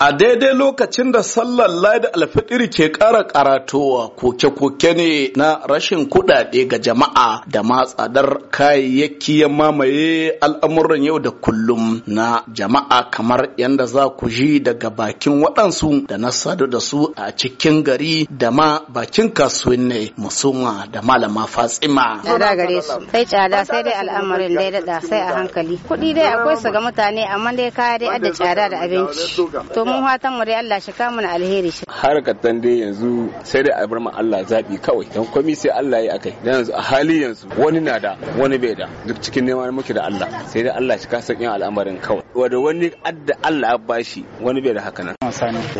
A daidai lokacin da sallar Ladi alfitiri ke ƙara karatowa koke-koke ne na rashin kuɗaɗe ga jama'a da ma tsadar kayayyaki ya mamaye al'amuran yau da kullum na jama'a kamar yadda za ku ji daga bakin waɗansu da na sadu da su a cikin gari da ma bakin kasuwanni musuma da malama fatsima. Tsada gare su, sai dai al'amarin dai da sai a hankali. Kuɗi dai akwai su ga mutane amma dai kaya dai tsada da abinci. mun fatan mu dai Allah shi kamun alheri shi harkatan dai yanzu sai dai a bar ma Allah zabi kawai dan komai sai Allah ya akai dan yanzu a hali yanzu wani na da wani bai da duk cikin neman muke da Allah sai dai Allah shi kasa yin al'amarin kawai wanda wani adda Allah ya bashi wani bai da haka nan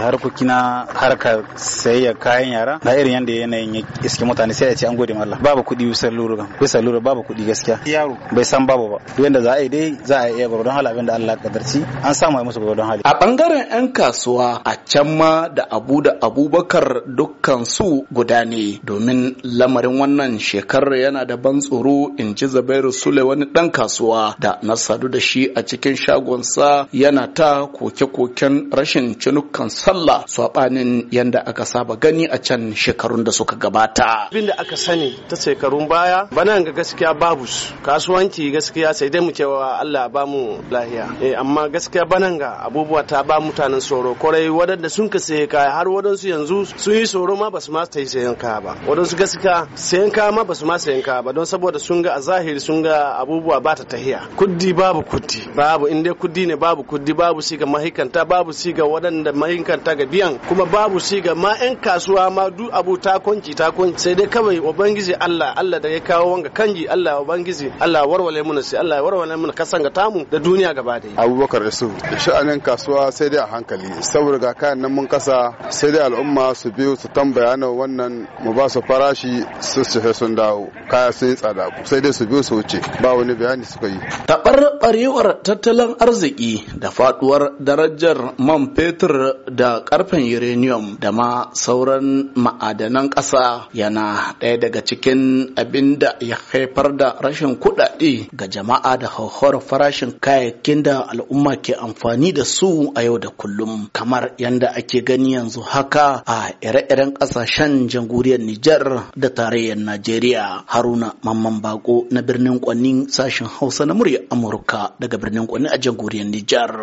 harkoki na harkar sayayya kayan yara na irin yanda yanayin ya iske mutane sai ya ce an gode ma Allah babu kuɗi luru kan bisa luru babu kuɗi gaskiya yaro bai san babu ba duk yanda za a yi dai za a iya gwargwadon hali abin da Allah ya kadarci an samu musu gwargwadon hali a bangaren 'yan kasuwa a can ma da abu da abubakar dukkan su guda ne domin lamarin wannan shekarar yana da ban tsoro in ji zabairu sule wani dan kasuwa da na sadu da shi a cikin shagonsa yana ta koke-koken rashin cinukan sallah saɓanin yadda aka saba gani a can shekarun da suka gabata. Abin da aka sani ta shekarun baya bana ga gaskiya babu kasuwanci gaskiya sai dai mu cewa Allah ba mu lahiya. Eh, amma gaskiya bana ga abubuwa ta ba mutanen tsoro kwarai wadanda sun ka sayi kaya har wadansu yanzu sun yi tsoro ma su ma ta yi sayan kaya ba wadansu gaskiya sayan kaya ma basu ma sayan kaya ba don saboda sun ga a zahiri sun ga abubuwa ba ta tahiya kuddi babu kuddi babu in dai kuddi ne babu kuddi babu siga mahikanta babu siga wadanda mahikanta ga biyan kuma babu siga ma yan kasuwa ma duk abu ta kunci ta kunci sai dai kawai ubangiji Allah Allah da ya kawo wanga kanji Allah ubangiji Allah warware mana sai Allah ya warware kasanga tamu da duniya gaba da Abubakar Yusuf sha'anin kasuwa sai dai a hankali hankali saboda kayan nan mun kasa sai dai al'umma su biyu su tambaya na wannan mu ba su farashi su su sun dawo kaya sun yi tsada sai dai su biyu su wuce ba wani bayani suka yi taɓarɓarewar tattalin arziki da faduwar darajar man fetur da karfen uranium da ma sauran ma'adanan ƙasa yana ɗaya daga cikin abin da ya haifar da rashin kuɗaɗe ga jama'a da hauhawar farashin kayayyakin da al'umma ke amfani da su a yau da kullum kamar yanda ake gani yanzu haka a ire-iren kasashen jamhuriyar Nijar da tarayyar Najeriya. Haruna Mamman Bako na birnin Kwanni sashen Hausa na murya Amurka daga birnin Kwanni a jamhuriyar Nijar.